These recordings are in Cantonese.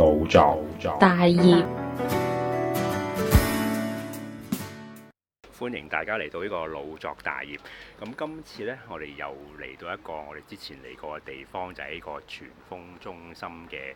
腦作大業，歡迎大家嚟到呢個腦作大業。咁今次呢，我哋又嚟到一個我哋之前嚟過嘅地方，就係呢個荃豐中心嘅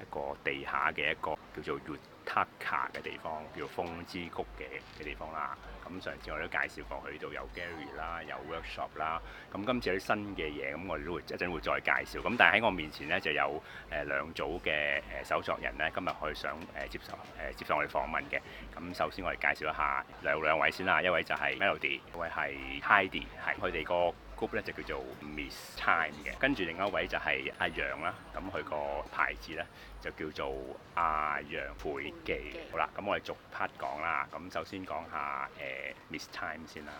一個地下嘅一個叫做 Yutaka 嘅地方，叫做豐之谷嘅嘅地方啦。咁上次我都介紹過，去度有 gallery 啦，有 workshop 啦。咁今次有啲新嘅嘢，咁我哋都會一陣會再介紹。咁但係喺我面前呢，就有誒兩組嘅誒手作人呢。今日去想誒接受誒接受我哋訪問嘅。咁首先我哋介紹一下兩兩位先啦，一位就係 Melody，一位係 Heidi，係佢哋個 Global 就叫做 Miss Time 嘅，跟住另一位就係阿羊啦，咁佢個牌子咧就叫做阿羊繪記好啦。咁我哋逐 part 講啦，咁首先講下誒、呃、Miss Time 先啦。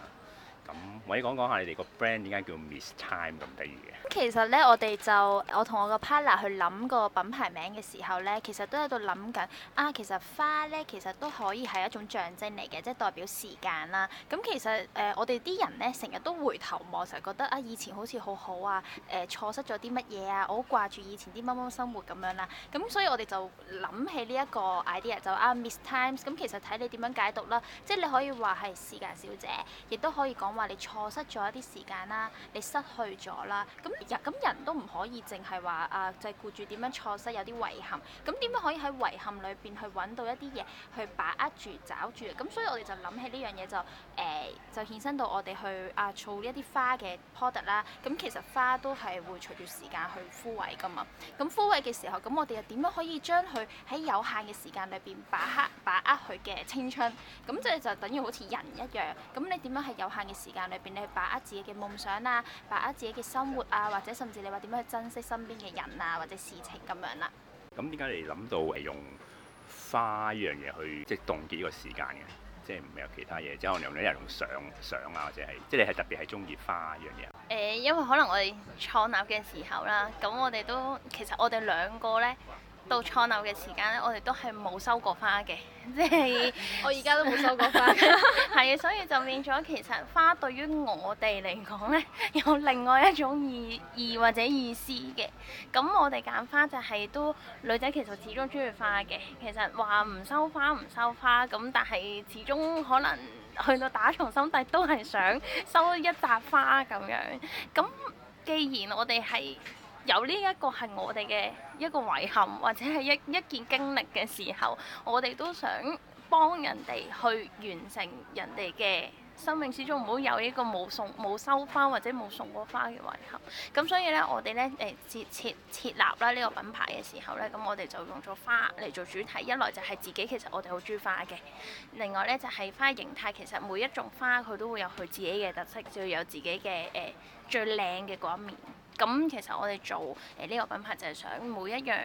咁，或者講講下你哋個 brand 點解叫 Miss Time 咁得意嘅？咁其實咧，我哋就我同我個 partner 去諗個品牌名嘅時候咧，其實都喺度諗緊啊。其實花咧，其實都可以係一種象徵嚟嘅，即係代表時間啦。咁、嗯、其實誒、呃，我哋啲人咧，成日都回頭望，成日覺得啊，以前好似好好啊，誒、呃、錯失咗啲乜嘢啊，我好掛住以前啲乜乜生活咁樣啦。咁、嗯、所以我哋就諗起呢一個 idea，就啊 Miss Times。咁 time、嗯、其實睇你點樣解讀啦，即係你可以話係時間小姐，亦都可以講。你錯失咗一啲時間啦，你失去咗啦，咁人咁人都唔可以淨係話啊，就顧住點樣錯失有啲遺憾，咁點樣可以喺遺憾裏邊去揾到一啲嘢去把握住、找住？咁所以我哋就諗起呢樣嘢，就誒就衍生到我哋去啊，儲、呃、一啲花嘅 product 啦。咁其實花都係會隨住時間去枯萎㗎嘛。咁枯萎嘅時候，咁我哋又點樣可以將佢喺有限嘅時間裏邊把握把握佢嘅青春？咁即係就等於好似人一樣。咁你點樣係有限嘅時間裏邊，你去把握自己嘅夢想啊，把握自己嘅生活啊，或者甚至你話點樣去珍惜身邊嘅人啊，或者事情咁樣啦、啊。咁點解你哋諗到係用花依樣嘢去即係凍結依個時間嘅？即係唔係有其他嘢，即係我哋用咧，用相相啊，或者係即係你係特別係中意花依樣嘢、啊。誒、欸，因為可能我哋創立嘅時候啦，咁我哋都其實我哋兩個咧，到創立嘅時間咧，我哋都係冇收過花嘅，即、就、係、是、 我而家都冇收過花，係 啊， 所以就變咗其實花對於我哋嚟講咧，有另外一種意義或者意思嘅。咁我哋揀花就係、是、都女仔其實始終中意花嘅，其實話唔收花唔收花咁，但係始終可能去到打從心底都係想收一扎花咁樣。咁既然我哋係有呢一個係我哋嘅一個遺憾，或者係一一件經歷嘅時候，我哋都想幫人哋去完成人哋嘅生命，始終唔好有呢個冇送冇收花或者冇送過花嘅遺憾。咁所以呢，我哋呢誒設設設立啦呢個品牌嘅時候呢，咁我哋就用咗花嚟做主題，一來就係自己其實我哋好中意花嘅，另外呢就係花形態，其實每一種花佢都會有佢自己嘅特色，就要有自己嘅誒最靚嘅嗰一面。咁其實我哋做誒呢個品牌就係想每一樣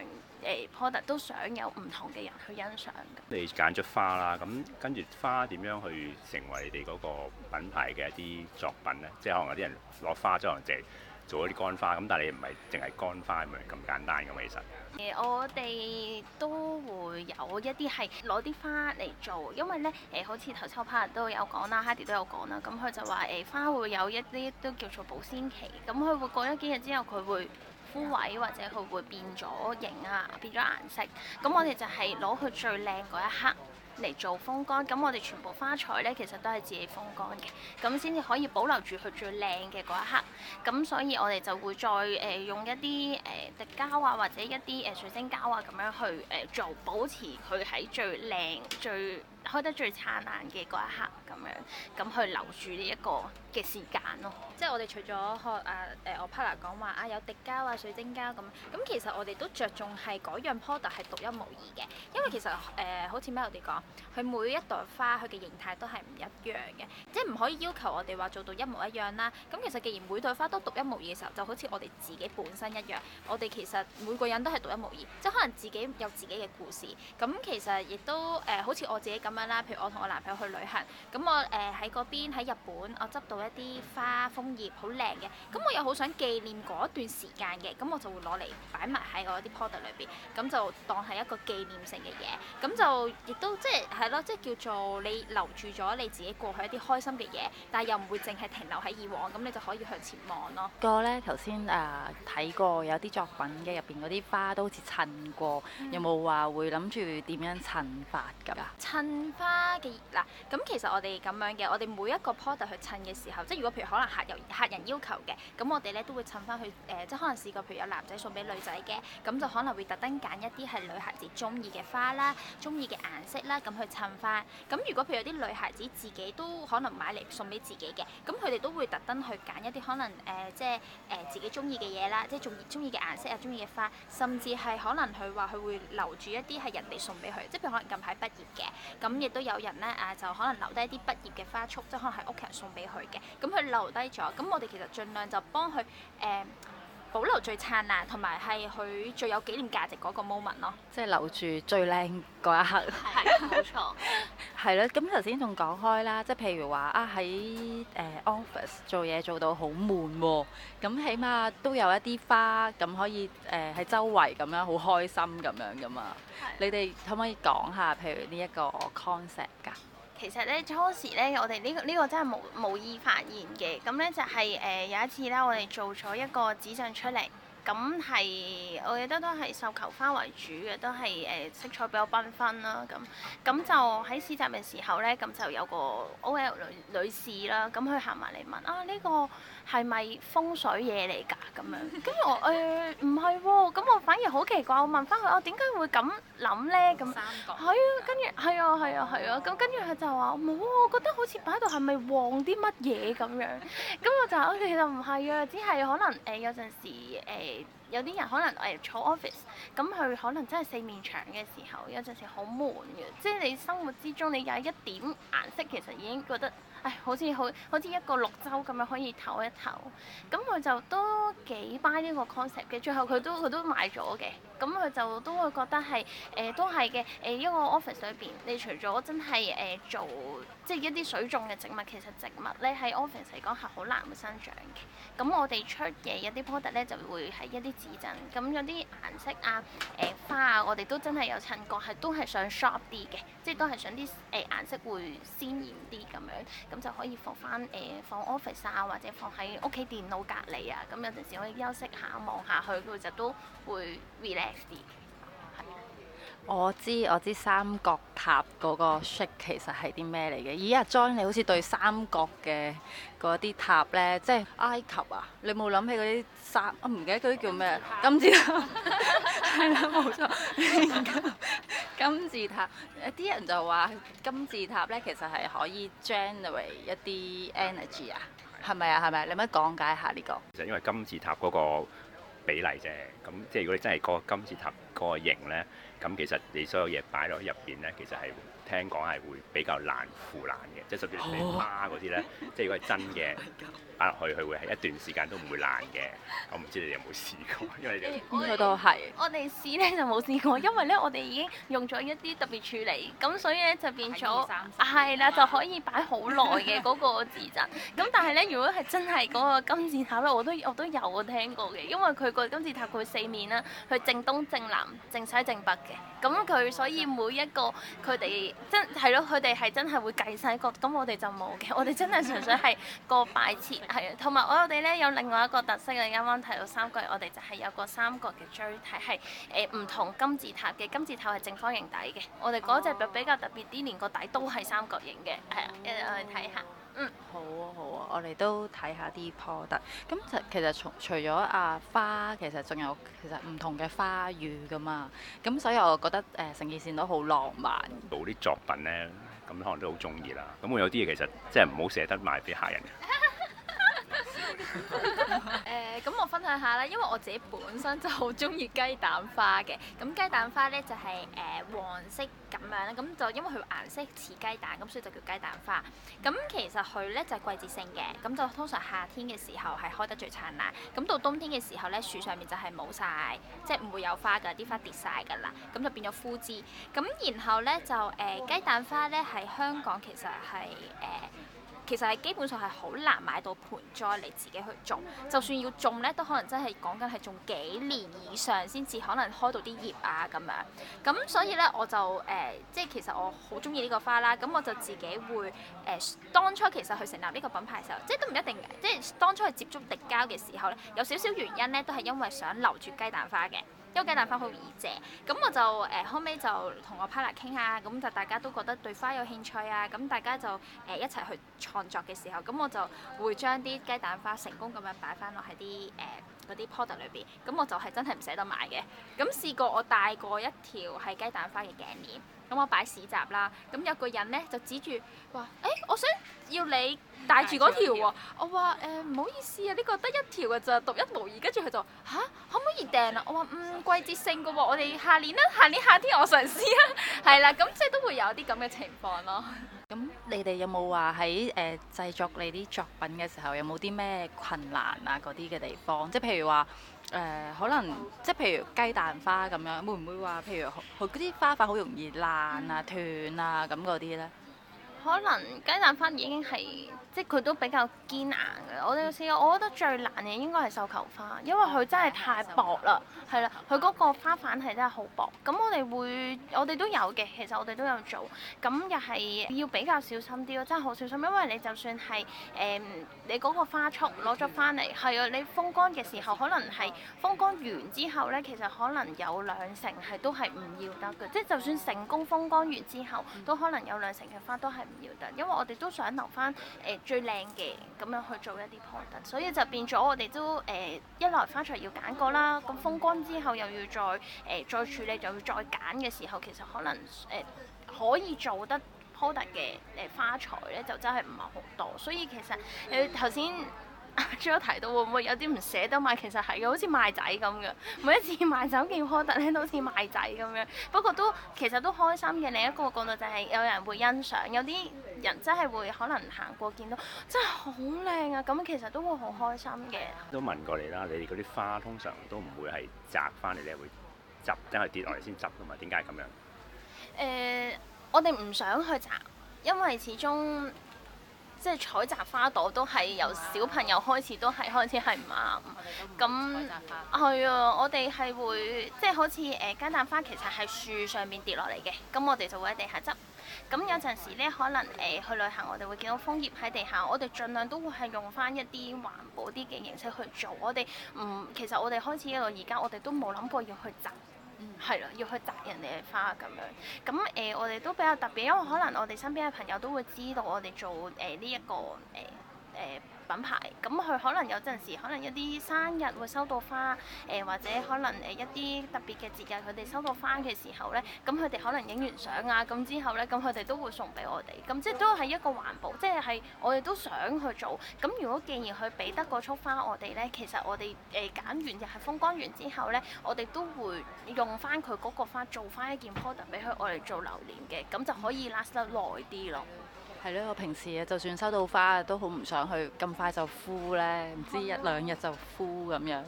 誒 product 都想有唔同嘅人去欣賞嘅。你揀咗花啦，咁跟住花點樣去成為你哋嗰個品牌嘅一啲作品呢？即係可能有啲人攞花可能裝飾。做一啲乾花咁，但係你唔係淨係乾花咁樣咁簡單嘅，其實誒，我哋都會有一啲係攞啲花嚟做，因為咧誒，好似頭秋號 part 都有講啦，Hadi 都有講啦，咁佢就話誒，花會有一啲都叫做保鮮期，咁佢會過咗幾日之後佢會枯萎或者佢會變咗形啊，變咗顏色，咁我哋就係攞佢最靚嗰一刻。嚟做風乾，咁我哋全部花材咧，其實都係自己風乾嘅，咁先至可以保留住佢最靚嘅嗰一刻。咁所以我哋就會再誒、呃、用一啲誒滴膠啊，或者一啲誒、呃、水晶膠啊，咁樣去誒做、呃、保持佢喺最靚、最開得最燦爛嘅嗰一刻。咁樣咁去留住呢一個嘅時間咯。即係我哋除咗學啊誒，我 partner 講話啊有滴膠啊、水晶膠咁。咁 其實我哋都着重係嗰樣 product 係獨一無二嘅。因為其實誒、呃，好似 Melody 講，佢每一朵花佢嘅形態都係唔一樣嘅，即係唔可以要求我哋話做到一模一樣啦。咁其實既然每朵花都獨一無二嘅時候，就好似我哋自己本身一樣，我哋其實每個人都係獨一無二，即係可能自己有自己嘅故事。咁其實亦都誒、呃，好似我自己咁樣啦，譬如我同我男朋友去旅行咁。咁我誒喺嗰邊喺日本，我執到一啲花楓葉，好靚嘅。咁我又好想紀念嗰段時間嘅，咁我就會攞嚟擺埋喺我啲 poster 裏邊，咁就當係一個紀念性嘅嘢。咁就亦都即係係咯，即係叫做你留住咗你自己過去一啲開心嘅嘢，但係又唔會淨係停留喺以往，咁你就可以向前望咯。個咧頭先誒睇過有啲作品嘅入邊嗰啲花都好似襯過，嗯、有冇話會諗住點樣襯法？咁啊？襯花嘅嗱，咁其實我。咁樣嘅，我哋每一個 porter 去襯嘅時候，即係如果譬如可能客由客人要求嘅，咁我哋咧都會襯翻去誒、呃，即係可能試過譬如有男仔送俾女仔嘅，咁就可能會特登揀一啲係女孩子中意嘅花啦，中意嘅顏色啦，咁去襯翻。咁如果譬如有啲女孩子自己都可能買嚟送俾自己嘅，咁佢哋都會特登去揀一啲可能誒、呃呃呃，即係誒自己中意嘅嘢啦，即係中意嘅顏色啊，中意嘅花，甚至係可能佢話佢會留住一啲係人哋送俾佢，即係譬如可能近排畢業嘅，咁亦都有人咧誒，就可能留低。畢業嘅花束，即可能係屋企人送俾佢嘅，咁佢留低咗，咁我哋其實盡量就幫佢誒、嗯、保留最燦爛，同埋係佢最有紀念價值嗰個 moment 咯。即係留住最靚嗰一刻。係， 冇錯。係咯， 咁頭先仲講開啦，即係譬如話啊，喺誒、呃、office 做嘢做到好悶喎、哦，咁起碼都有一啲花咁可以誒喺、呃、周圍咁樣好開心咁樣㗎嘛。的你哋可唔可以講下，譬如呢一個 concept 㗎？其實咧，初時咧，我哋呢、呢個呢、呢個真係無無意發現嘅。咁咧就係、係、誒、呃、有一次咧，我哋做咗一個紙鎮出嚟，咁係我記得都係繡球花為主嘅，都係誒、呃、色彩比較繽紛啦。咁咁就喺市集嘅時候咧，咁就有個 OL 女女士啦，咁佢行埋嚟問啊呢、呢個。係咪風水嘢嚟㗎咁樣？跟住我誒唔係喎，咁、欸啊、我反而好奇怪，我問翻佢我點解會咁諗咧？咁三係啊，跟住係啊，係啊，係啊，咁跟住佢就話冇啊，我覺得好似擺喺度係咪旺啲乜嘢咁樣？咁 我就話其實唔係啊，只係可能誒、欸、有陣時誒。欸有啲人可能誒坐 office，咁佢可能真係四面牆嘅時候，有陣時好悶嘅。即係你生活之中，你有一點顏色，其實已經覺得唉好似好，好似一個綠洲咁樣可以唞一唞。咁佢就都幾 buy 呢個 concept 嘅，最後佢都佢都買咗嘅。咁佢就都會覺得係誒、呃、都係嘅。誒、呃、一個 office 裏邊，你除咗真係誒、呃、做即係一啲水種嘅植物，其實植物咧喺 office 嚟講係好難會生長嘅。咁我哋出嘅有啲 product 咧就會係一啲。紙巾，咁有啲顏色啊，誒、呃、花啊，我哋都真係有襯過，係都係想 shop 啲嘅，即係都係想啲誒、呃、顏色會鮮豔啲咁樣，咁就可以放翻誒、呃、放 office 啊，或者放喺屋企電腦隔離啊，咁有陣時可以休息下望下去，佢就都會 relax 啲。我知，我知三角塔嗰個 shape 其實係啲咩嚟嘅？咦阿 John 你好似對三角嘅嗰啲塔咧，即係埃及啊，你冇諗起嗰啲三我唔、啊、記得嗰啲叫咩？金字塔係啦，冇錯，金字塔。啲人就話金字塔咧， 塔塔其實係可以 generate 一啲 energy 啊，係咪啊？係咪？你有乜講解下呢個？其實因為金字塔嗰個比例啫，咁即係如果你真係個金字塔個型咧。咁其實你所有嘢擺落去入邊咧，其實係聽講係會比較難腐爛嘅，即係甚至你媽嗰啲咧， 即係如果係真嘅。Oh 擺落去佢會係一段時間都唔會爛嘅。我唔知你有冇試，我試，試過，因為我都係，我哋試咧就冇試過，因為咧我哋已經用咗一啲特別處理，咁所以咧就變咗，係啦，就了可以擺好耐嘅嗰個字跡。咁 但係咧，如果係真係嗰個金字塔咧，我都我都有聽過嘅，因為佢個金字塔佢四面啦，佢正東、正南、正西、正北嘅。咁佢所以每一個佢哋真係咯，佢哋係真係會計晒個，咁我哋就冇嘅。我哋真係純粹係個擺設。係啊，同埋我哋咧有另外一個特色嘅。啱啱睇到三角形，我哋就係有個三角嘅錐體，係誒唔同金字塔嘅，金字塔係正方形底嘅。我哋嗰隻就比較特別啲，連個底都係三角形嘅。係啊，一陣我哋睇下。嗯，好啊好啊，我哋都睇下啲破特。咁其實其實除咗啊花，其實仲有其實唔同嘅花語噶嘛。咁所以我覺得誒成件線都好浪漫。冇啲作品咧，咁可能都好中意啦。咁我有啲嘢其實即係唔好捨得賣俾客人。誒 咁、呃、我分享下啦，因為我自己本身就好中意雞蛋花嘅。咁雞蛋花咧就係、是、誒、呃、黃色咁樣啦，咁就因為佢顏色似雞蛋，咁所以就叫雞蛋花。咁其實佢咧就係、季節性嘅，咁就通常夏天嘅時候係開得最燦爛。咁到冬天嘅時候咧樹上面就係冇晒，即係唔會有花噶，啲花跌晒噶啦，咁就變咗枯枝。咁然後咧就誒、呃、雞蛋花咧喺香港其實係誒。呃其實係基本上係好難買到盆栽嚟自己去種，就算要種咧，都可能真係講緊係種幾年以上先至可能開到啲葉啊咁樣。咁所以咧，我就誒、呃，即係其實我好中意呢個花啦。咁我就自己會誒、呃，當初其實去成立呢個品牌嘅時候，即係都唔一定嘅。即係當初去接觸滴膠嘅時候咧，有少少原因咧，都係因為想留住雞蛋花嘅。因為雞蛋花好易謝，咁我就誒、呃、後尾就同我 partner 傾下，咁就大家都覺得對花有興趣啊，咁大家就誒、呃、一齊去創作嘅時候，咁我就會將啲雞蛋花成功咁樣擺翻落喺啲誒嗰啲 potter 裏邊，咁、呃、我就係真係唔捨得賣嘅。咁試過我戴過一條係雞蛋花嘅頸鏈，咁我擺市集啦，咁有個人咧就指住話，誒、欸，我想要你戴住嗰條喎，我話誒，唔好意思啊，呢、呢個得一條嘅咋，獨一無二。跟住佢就話吓，可唔可以訂啊？我話唔、嗯，季節性嘅喎，我哋下年啦，下年夏天我嘗試啊，係 啦，咁即係都會有啲咁嘅情況咯。咁你哋有冇話喺誒製作你啲作品嘅時候，有冇啲咩困難啊？嗰啲嘅地方，即係譬如話誒，可、呃、能即係譬如雞蛋花咁樣，會唔會話譬如佢啲花瓣好容易爛啊、斷啊咁嗰啲咧？可能雞蛋花已經係，即係佢都比較堅硬嘅。我哋試過，我覺得最難嘅應該係繡球花，因為佢真係太薄啦，係啦，佢嗰個花瓣係真係好薄。咁我哋會，我哋都有嘅，其實我哋都有做。咁又係要比較小心啲咯，真係好小心，因為你就算係誒、嗯，你嗰個花束攞咗翻嚟，係啊，你風乾嘅時候，可能係風乾完之後咧，其實可能有兩成係都係唔要得嘅，即係就算成功風乾完之後，都可能有兩成嘅花都係要得，因為我哋都想留翻誒、呃、最靚嘅咁樣去做一啲 product，所以就變咗我哋都誒、呃、一來花材要揀過啦，咁風乾之後又要再誒、呃、再處理，就要再揀嘅時候，其實可能誒、呃、可以做得 product 嘅誒、呃、花材咧，就真係唔係好多，所以其實誒頭先，呃最後提到會唔會有啲唔捨得賣，其實係嘅，好似賣仔咁嘅。每一次賣走件開特咧，都好似賣仔咁樣。不過都其實都開心嘅。另一個角度就係有人會欣賞，有啲人真係會可能行過見到真係好靚啊，咁其實都會好開心嘅。都問過你啦，你哋嗰啲花通常都唔會係摘翻嚟咧，你會摘，梗係跌落嚟先摘嘅嘛？點解係咁樣？誒、呃，我哋唔想去摘，因為始終。即係採摘花朵都係由小朋友開始都，都係開始係唔啱。咁係、嗯、啊，我哋係會即係好似誒雞蛋花，其實係樹上面跌落嚟嘅。咁我哋就會喺地下執。咁有陣時咧，可能誒、呃、去旅行，我哋會見到楓葉喺地下，我哋盡量都會係用翻一啲環保啲嘅形式去做。我哋唔、嗯，其實我哋開始一路而家，我哋都冇諗過要去執。嗯，係咯，要去摘人哋嘅花咁樣。咁誒、呃，我哋都比較特別，因為可能我哋身邊嘅朋友都會知道我哋做誒呢一個誒。呃誒品牌，咁佢可能有陣時，可能一啲生日會收到花，誒、呃、或者可能誒一啲特別嘅節日，佢哋收到花嘅時候咧，咁佢哋可能影完相啊，咁之後咧，咁佢哋都會送俾我哋，咁即係都係一個環保，即係係我哋都想去做。咁如果既然佢俾得嗰束花我哋咧，其實我哋誒揀完日係風乾完之後咧，我哋都會用翻佢嗰個花做翻一件 product 俾佢我哋做留念嘅，咁就可以 last 得耐啲咯。係咯，我平時啊，就算收到花啊，都好唔想去咁快就枯咧，唔知一兩日就枯咁樣。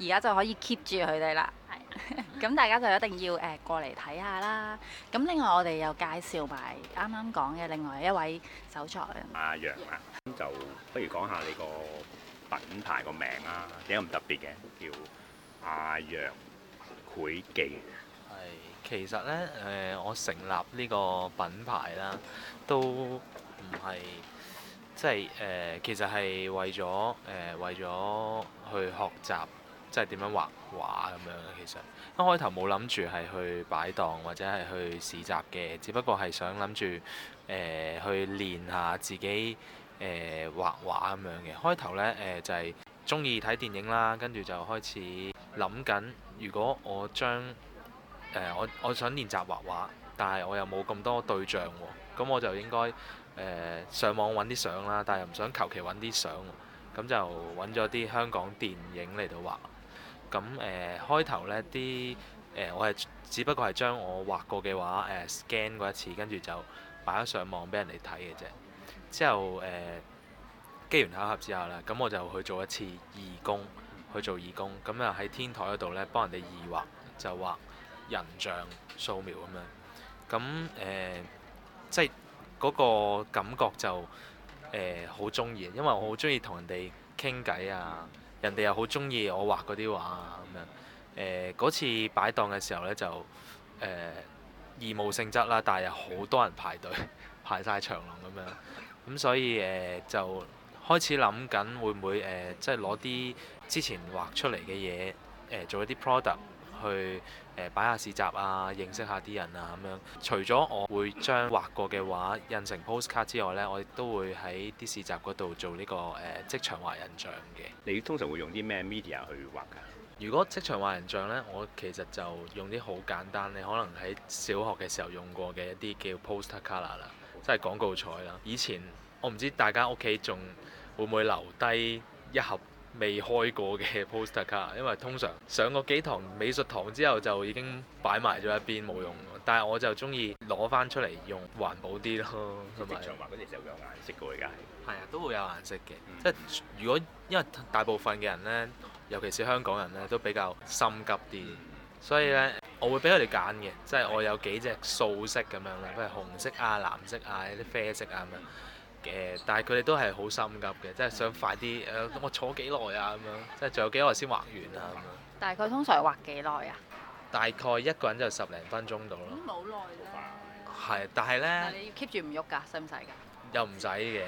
而家就可以 keep 住佢哋啦。係，咁大家就一定要誒、呃、過嚟睇下啦。咁另外我哋又介紹埋啱啱講嘅另外一位手作人啊羊啊，就不如講下你個品牌個名啊，點解咁特別嘅？叫啊羊繪記。係，其實咧誒、呃，我成立呢個品牌啦。都唔係，即係誒其實係為咗誒為咗去學習即係點樣畫畫咁樣嘅。其實一開頭冇諗住係去擺檔或者係去市集嘅，只不過係想諗住誒去練下自己誒畫畫咁樣嘅。開頭咧誒就係中意睇電影啦，跟住就開始諗緊。如果我將誒、呃、我我想練習畫畫，但係我又冇咁多對象喎咁我就應該誒、呃、上網揾啲相啦，但係又唔想求其揾啲相，咁就揾咗啲香港電影嚟到畫。咁誒開頭呢啲誒、呃，我係只不過係將我畫過嘅畫、呃、scan 過一次，跟住就擺咗上網俾人哋睇嘅啫。之後誒機緣巧合之下啦，咁我就去做一次義工，去做義工咁啊，喺天台嗰度呢，幫人哋義畫，就畫人像素描咁樣。咁誒。呃即係嗰個感覺就誒好中意，因為我好中意同人哋傾偈啊，人哋又好中意我畫嗰啲畫啊咁樣。誒、呃、嗰次擺檔嘅時候呢，就誒、呃、義務性質啦、啊，但係又好多人排隊排晒長龍咁樣。咁所以誒、呃、就開始諗緊會唔會誒即係攞啲之前畫出嚟嘅嘢做一啲 product。去誒擺下市集啊，認識下啲人啊咁樣。除咗我會將畫過嘅畫印成 postcard 之外呢，我亦都會喺啲市集嗰度做呢、呢個誒即、呃、場畫人像嘅。你通常會用啲咩 media 去畫噶？如果即場畫人像呢，我其實就用啲好簡單你可能喺小學嘅時候用過嘅一啲叫 poster colour 啦，即係廣告彩啦。以前我唔知大家屋企仲會唔會留低一盒。未開過嘅 poster 卡，因為通常上過幾堂美術堂之後就已經擺埋咗一邊冇用，但係我就中意攞翻出嚟用環，環保啲咯。通常話嗰啲就有顏色嘅，而家係？係啊，都會有顏色嘅，嗯、即係如果因為大部分嘅人呢，尤其是香港人呢，都比較心急啲，所以呢，嗯、我會俾佢哋揀嘅，即係我有幾隻素色咁樣啦，譬、嗯、如紅色啊、藍色啊、一啲啡色啊咁樣。嘅，但係佢哋都係好心急嘅，即係想快啲。誒、啊，我坐幾耐啊？咁樣，即係仲有幾耐先畫完畫啊？咁樣。但係佢通常畫幾耐啊？大概一個人就十零分鐘到咯。咁冇耐喎。係，但係咧。但係你要 keep 住唔喐㗎，使唔使㗎？又唔使嘅。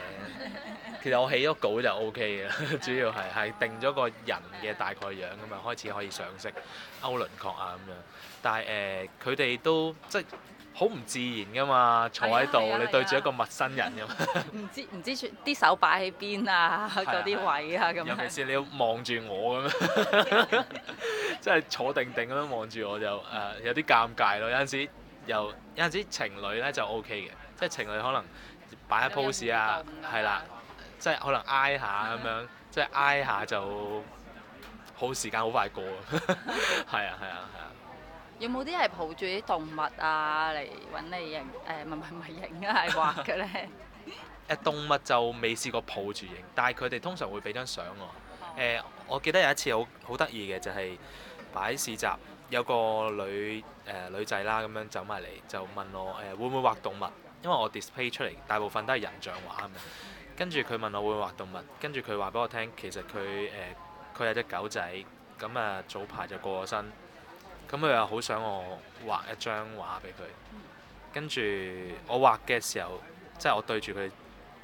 其實我起咗稿就 OK 嘅，主要係係定咗個人嘅大概樣咁啊，開始可以上色、勾輪廓啊咁樣。但係誒，佢、呃、哋都即係。好唔自然噶嘛，坐喺度， 你對住一個陌生人咁。唔 知唔知啲手擺喺邊啊，嗰 啲位啊咁。 尤其是你要望住我咁樣，即係坐定定咁樣望住我就誒，有啲尷尬咯。有陣時又有陣時情侶咧就 OK 嘅，即係情侶可能擺下 pose 啊，係啦、啊，即係可能挨下咁樣，即係挨下就好時間好快過，係啊係啊係。有冇啲係抱住啲動物啊，嚟揾你？影誒唔係唔係影啊係畫嘅咧？誒動物就未試過抱住影，但係佢哋通常會俾張相我。誒，我記得有一次好好得意嘅就係擺市集，有個女女仔啦咁樣走埋嚟，就問我誒會唔會畫動物，因為我 display 出嚟大部分都係人像畫咁。跟住佢問我會唔會畫動物，跟住佢話俾我聽，其實佢誒佢有隻狗仔，咁啊早排就過咗身。咁佢又好想我畫一張畫俾佢，跟住我畫嘅時候，即係我對住佢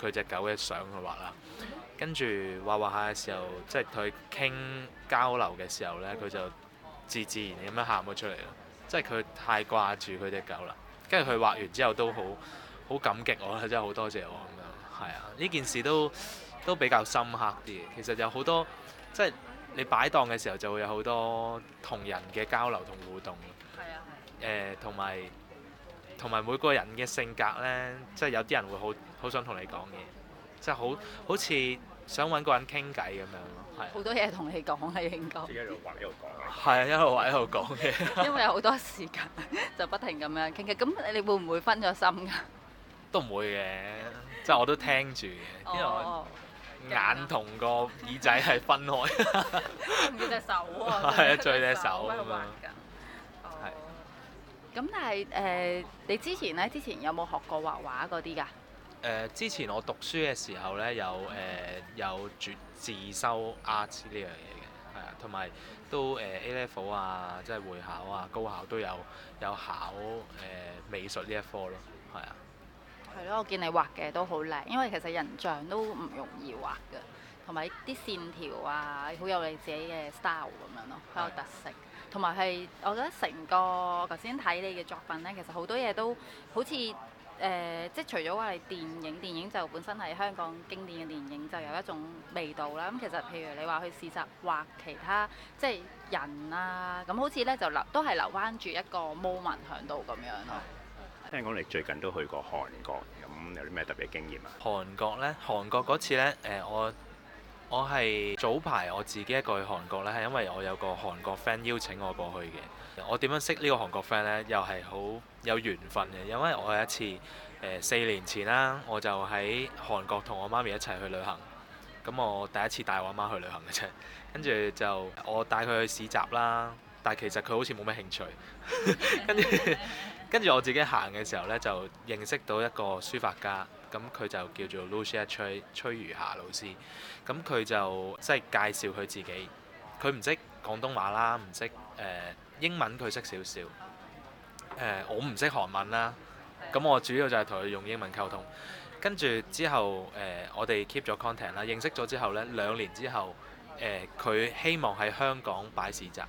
佢隻狗嘅相去畫啦。跟住畫畫下嘅時候，即係同佢傾交流嘅時候呢，佢就自自然咁樣喊咗出嚟啦。即係佢太掛住佢隻狗啦。跟住佢畫完之後都好好感激我啦，真係好多謝我咁樣。係啊，呢件事都都比較深刻啲。其實有好多，即係。你擺檔嘅時候就會有好多同人嘅交流同互動，係啊，係誒，同埋同埋每個人嘅性格咧，即係有啲人會好好想同你講嘢，即係好好似想搵個人傾偈咁樣咯。係好多嘢同你講啊，應該自己喺度畫喺度講一路畫一路講嘅。因為有好多時間，就不停咁樣傾偈。咁你會唔會分咗心㗎？都唔會嘅， 即係我都聽住嘅，因為我 眼同個耳仔係分開、 啊，最叻手喎、啊，最叻 手咁樣。咁但係誒、呃，你之前咧，之前有冇學過畫畫嗰啲㗎？誒、呃，之前我讀書嘅時候咧，有誒、呃、有自自修 Art 呢樣嘢嘅，係啊，同埋都誒、呃、A Level 啊，即、就、係、是、會考啊，高考都有有考誒、呃、美術呢一科咯，係啊。係咯，我見你畫嘅都好靚，因為其實人像都唔容易畫嘅，同埋啲線條啊，好有你自己嘅 style 咁樣咯，好有特色。同埋係，我覺得成個頭先睇你嘅作品咧，其實好多嘢都好似誒、呃，即係除咗話你電影，電影就本身係香港經典嘅電影，就有一種味道啦。咁其實譬如你話去試習畫其他即係人啊，咁好似咧就留都係留返住一個 moment 喺度咁樣咯。聽講你最近都去過韓國，咁有啲咩特別經驗啊？韓國呢？韓國嗰次呢，誒，我我係早排我自己一個去韓國呢係因為我有個韓國 friend 邀請我過去嘅。我點樣識呢個韓國 friend 呢？又係好有緣分嘅，因為我有一次呃，四年前啦，我就喺韓國同我媽咪一齊去旅行，咁我第一次帶我媽去旅行嘅啫。跟住就我帶佢去市集啦，但係其實佢好似冇咩興趣，跟住。跟住我自己行嘅時候呢，就認識到一個書法家，咁佢就叫做 Lucia 崔崔如霞老師。咁佢就即係介紹佢自己，佢唔識廣東話啦，唔識誒英文小小，佢識少少。我唔識韓文啦，咁我主要就係同佢用英文溝通。跟住之後誒、呃，我哋 keep 咗 contact 啦，認識咗之後呢，兩年之後誒，佢、呃、希望喺香港擺市集，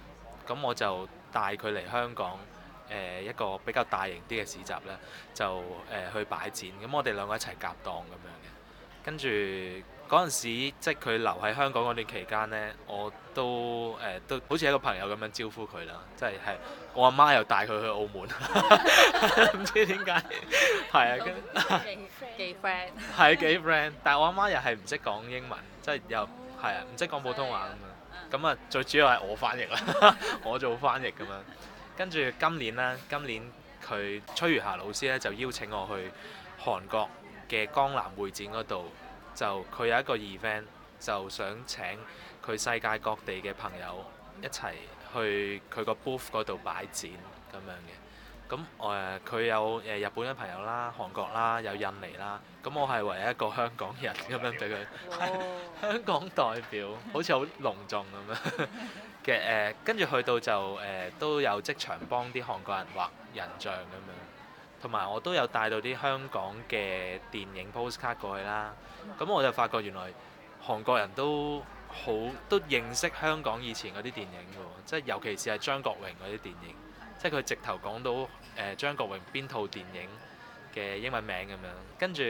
咁我就帶佢嚟香港。誒一個比較大型啲嘅市集咧，就誒去擺展。咁我哋兩個一齊夾檔咁樣嘅。跟住嗰陣時，即係佢留喺香港嗰段期間咧，我都誒、呃、都好似一個朋友咁樣招呼佢啦。即係係我阿媽，媽又帶佢去澳門，唔 知點解係啊。幾幾 friend？係幾 friend？但係我阿媽，媽又係唔識講英文，即係又係啊，唔識講普通話咁樣。咁啊，最主要係我翻譯啊，我做翻譯咁樣。 跟住今年咧，今年佢崔如霞老師咧就邀請我去韓國嘅江南會展嗰度，就佢有一個 event，就想請佢世界各地嘅朋友一齊去佢個 booth 嗰度擺展咁樣嘅。咁誒，佢、呃、有誒日本嘅朋友啦、韓國啦、有印尼啦。咁我係唯一一個香港人咁樣俾佢哇 香港代表，好似好隆重咁樣。 嘅誒，跟住、嗯、去到就誒、呃、都有即場幫啲韓國人畫人像咁樣，同埋我都有帶到啲香港嘅電影 postcard 過去啦。咁我就發覺原來韓國人都好都認識香港以前嗰啲電影嘅喎，即係尤其是係張國榮嗰啲電影，即係佢直頭講到誒、呃、張國榮邊套電影嘅英文名咁樣。跟住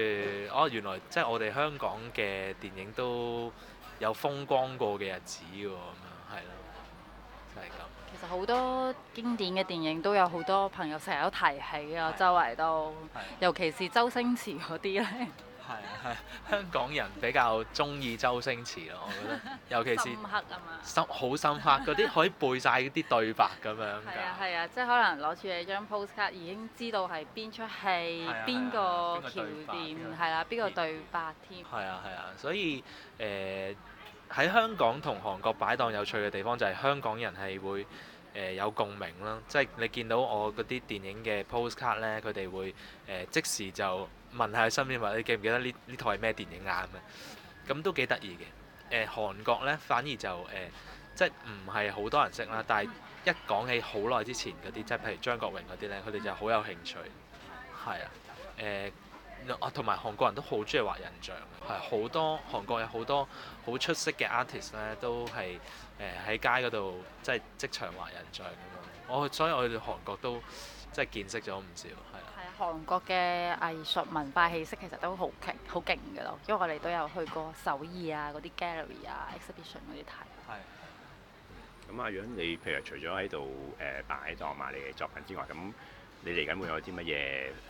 哦，原來即係我哋香港嘅電影都有風光過嘅日子喎，咁樣係喇。係咁，其實好多經典嘅電影都有好多朋友成日都提起啊，周圍都，尤其是周星馳嗰啲咧。係啊係，香港人比較中意周星馳咯，我覺得，尤其是深刻啊嘛，深好深刻嗰啲可以背晒啲對白咁樣㗎。係啊係啊，即係可能攞住你張 postcard 已經知道係邊出戲、邊個橋段、係啦、邊個對白添。係啊係啊，所以誒。喺香港同韓國擺檔有趣嘅地方就係、是、香港人係會誒、呃、有共鳴啦，即係你見到我嗰啲電影嘅 postcard 咧，佢哋會誒即時就問下身邊話你記唔記得呢呢套係咩電影啊咁樣，咁都幾得意嘅。誒、呃、韓國咧反而就誒、呃、即係唔係好多人識啦，但係一講起好耐之前嗰啲，即係譬如張國榮嗰啲咧，佢哋就好有興趣。係啊，誒、呃。同埋韓國人都好中意畫人像，係好多韓國有好多好出色嘅 artist 咧，都係誒喺街嗰度即係即場畫人像。我所以我去韓國都即係見識咗唔少，係啊。啊，韓國嘅藝術文化氣息其實都好勁、好勁嘅咯。因為我哋都有去過首爾啊嗰啲 gallery 啊、exhibition 嗰啲睇。係。咁啊，如果你譬如除咗喺度誒擺檔埋你嘅作品之外，咁。你嚟緊會有啲乜嘢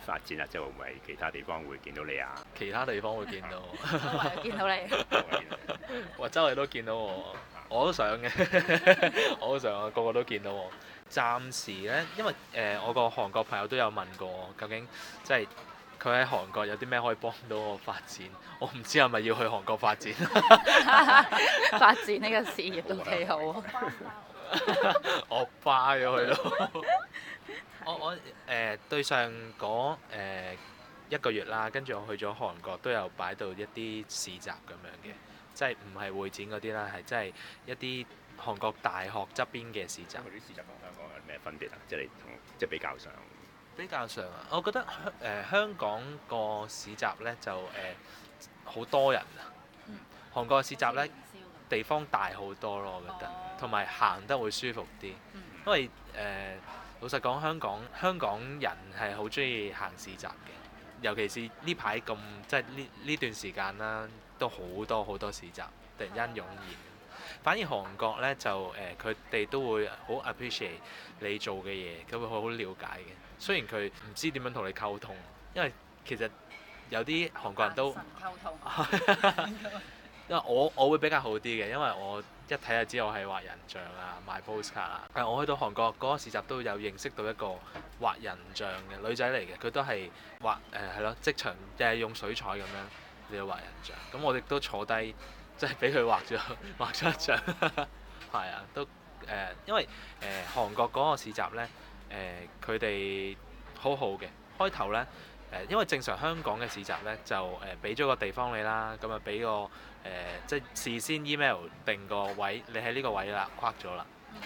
發展啊？即係會唔會其他地方會見到你啊？其他地方會見到， 見到你，或者周圍都見到我。 我都想嘅， 我都想啊！個個都見到我。暫時呢，因為誒、呃、我個韓國朋友都有問過我，究竟即係佢喺韓國有啲咩可以幫到我發展？我唔知係咪要去韓國發展。 發展呢個事業都幾好，我 buy 咗佢囉。我我誒、呃、對上嗰、呃、一個月啦，跟住我去咗韓國，都有擺到一啲市集咁樣嘅，即係唔係會展嗰啲啦，係即係一啲韓國大學側邊嘅市集。啲市集同香港有咩分別啊？即係你同即係比較上。比較上啊，我覺得香香港個市集咧就誒好多人啊，韓國嘅市集咧地方大好多咯，我覺得，同、呃、埋、呃、行得會舒服啲，嗯、因為誒。呃老實講，香港香港人係好中意行市集嘅，尤其是呢排咁即係呢呢段時間啦，都好多好多市集，突然間湧現。的反而韓國呢，就誒，佢哋都會好 appreciate 你做嘅嘢，佢會好好了解嘅。雖然佢唔知點樣同你溝通，因為其實有啲韓國人都溝通 因為我我會比較好啲嘅，因為我。一睇就知我係畫人像啊，賣 postcard 啊。我去到韓國嗰、嗰個市集都有認識到一個畫人像嘅女仔嚟嘅，佢都係畫誒係咯，即、呃、場誒用水彩咁樣要畫人像。咁我亦都坐低即係俾佢畫咗畫咗一張，係 啊，都誒、呃，因為誒、呃、韓國嗰個市集咧佢哋好好嘅。開頭呢，誒，因為正常香港嘅市集呢，就誒俾咗個地方你啦，咁啊俾個。誒、呃，即係事先 email 定個位，你喺呢個位啦，掛咗啦。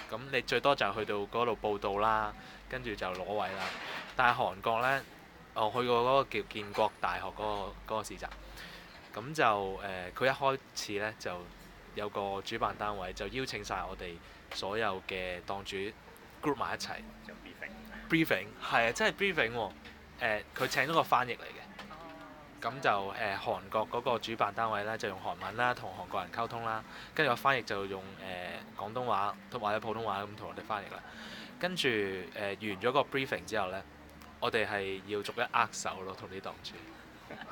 咁你最多就去到嗰度報到啦，跟住就攞位啦。但係韓國咧，我去過嗰個叫建國大學嗰、嗰個嗰、嗰個市集，咁就誒佢、呃、一開始咧就有個主辦單位就邀請晒我哋所有嘅檔主 group 埋一齊，就 So briefing briefing 係啊，即係 briefing 喎、哦、佢、呃、請咗個翻譯嚟嘅。咁就誒、呃、韓國嗰個主辦單位咧，就用韓文啦，同韓國人溝通啦，跟住我翻譯就用誒、呃、廣東話同或者普通話咁同我哋翻譯啦。跟住誒完咗個 briefing 之後咧，我哋係要逐一握手咯，同啲檔主。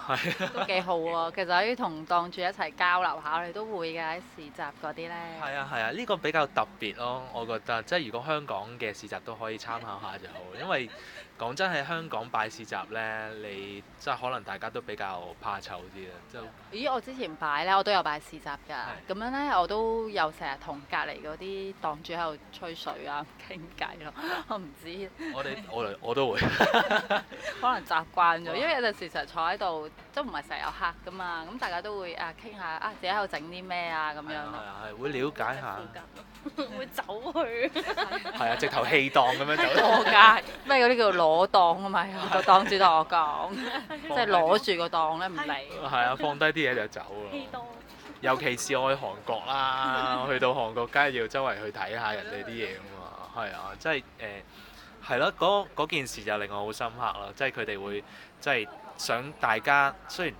係、啊， 都幾好喎、啊。其實可以同檔主一齊交流下，我哋都會㗎喺市集嗰啲咧。係啊係啊，呢、啊這個比較特別咯，我覺得。即係如果香港嘅市集都可以參考下就好，因為。講真喺香港擺市集咧，你即係可能大家都比較怕醜啲啊，就咦我之前擺咧，我都有擺市集㗎，咁樣咧我都有成日同隔離嗰啲檔主喺度吹水啊、傾偈咯，我唔知。我哋我我都會。可能習慣咗，因為有陣時成日坐喺度，都唔係成日有客㗎嘛，咁大家都會啊傾下啊自己喺度整啲咩啊咁樣咯。係係會瞭解下。會走去。係啊，直頭氣檔咁樣走。街咩啲叫攞檔啊嘛，個 檔主同我講，即係攞住個檔咧唔嚟。係啊，放低啲嘢就走咯。尤其是我去韓國啦， 去到韓國梗係要周圍去睇下人哋啲嘢啊嘛。係啊，即係誒，係咯，嗰件事就令我好深刻咯。即係佢哋會，即係想大家雖然。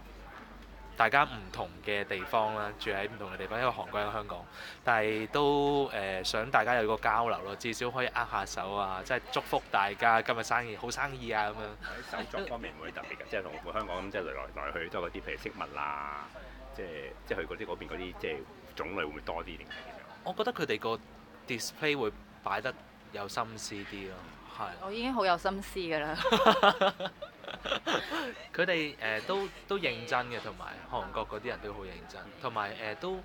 大家唔同嘅地方啦，住喺唔同嘅地方，一個韓國一個香港，但係都誒、呃、想大家有個交流咯，至少可以握下手啊，即係祝福大家今日生意好生意啊咁樣。 手作方面唔會特別嘅，即係同香港咁，即係來來來去都係嗰啲，譬如飾物啦，即係即係去嗰啲嗰邊嗰啲，即係種類會唔會多啲定係點樣？我覺得佢哋個 display 會擺得有心思啲咯。係，我已經好有心思㗎啦。 佢哋誒都都認真嘅，同埋韓國嗰啲人都好認真，同埋誒都誒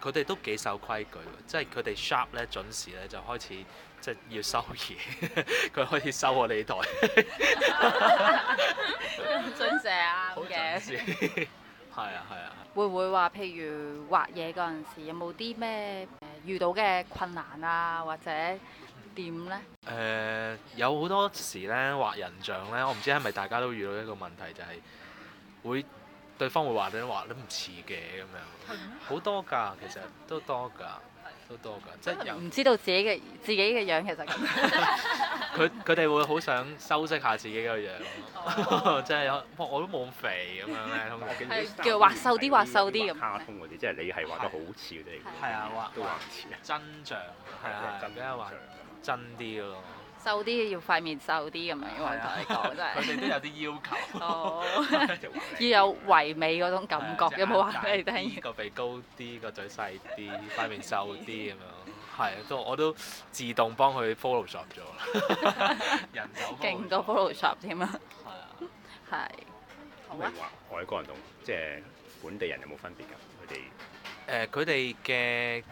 佢哋都幾守規矩，即係佢哋 shop 咧準時咧就開始即係要收嘢。佢 開始收我呢台， 啊、準時怕 啊！好嘅，係啊係啊。會唔會話譬如畫嘢嗰陣時，有冇啲咩遇到嘅困難啊，或者？點咧？誒、呃、有好多時咧畫人像咧，我唔知係咪大家都遇到一個問題，就係、是、會對方會話你都畫得唔似嘅咁樣，好多㗎，其實都多㗎。都多㗎，即係唔知道自己嘅自己嘅樣，其實佢佢哋會好想修飾下自己嘅樣，即係我我都冇肥咁樣咧，我叫畫瘦啲，畫瘦啲咁。卡通啲即係你係畫得好似佢哋㗎，係啊，真像係啊，更加畫真啲咯。瘦啲要塊面瘦啲咁樣，我同你講真係。佢哋都有啲要求。哦。要有唯美嗰種感覺，有冇話畀你聽？個鼻高啲，個嘴細啲，塊面瘦啲咁樣？係，都我都自動幫佢 Photoshop 咗。人哋勁多 Photoshop 添啊！係啊，係。咁咪話外國人同即係本地人有冇分別㗎？佢哋誒，佢哋嘅。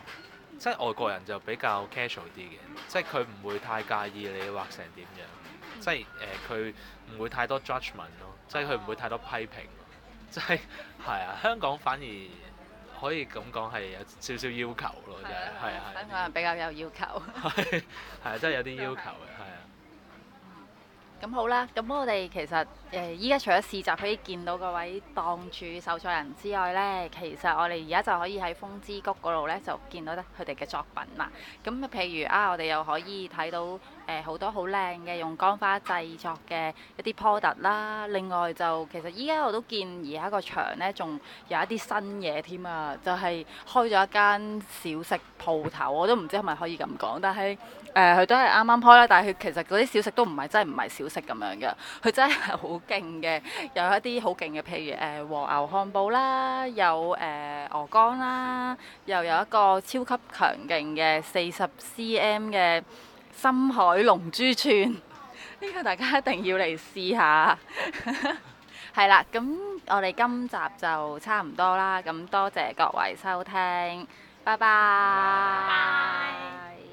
即係外國人就比較 casual 啲嘅，即係佢唔會太介意你畫成點樣，即係誒佢唔會太多 judgement 咯，即係佢唔會太多批評，即係係啊，香港反而可以咁講係有少少要求咯，即係係啊，香港人比較有要求，係 啊，真係有啲要求嘅，係啊。咁好啦，咁我哋其實誒依家除咗市集可以見到嗰位檔主受助人之外呢，其實我哋而家就可以喺豐之谷嗰度呢，就見到得佢哋嘅作品啦。咁譬如啊，我哋又可以睇到，誒好多好靚嘅用乾花製作嘅一啲 product 啦，另外就其實依家我都見而家個場呢，仲有一啲新嘢添啊，就係開咗一間小食鋪頭，我都唔知係咪可以咁講？但係誒佢都係啱啱開啦，但係佢其實嗰啲小食都唔係真係唔係小食咁樣嘅，佢真係好勁嘅，有一啲好勁嘅，譬如誒、呃、和牛漢堡啦，有誒、呃、鵝肝啦，又有一個超級強勁嘅四十 cm 嘅。深海龍珠串，呢、這個大家一定要嚟試下。係 啦，咁我哋今集就差唔多啦。咁多謝各位收聽，拜拜。拜拜拜拜。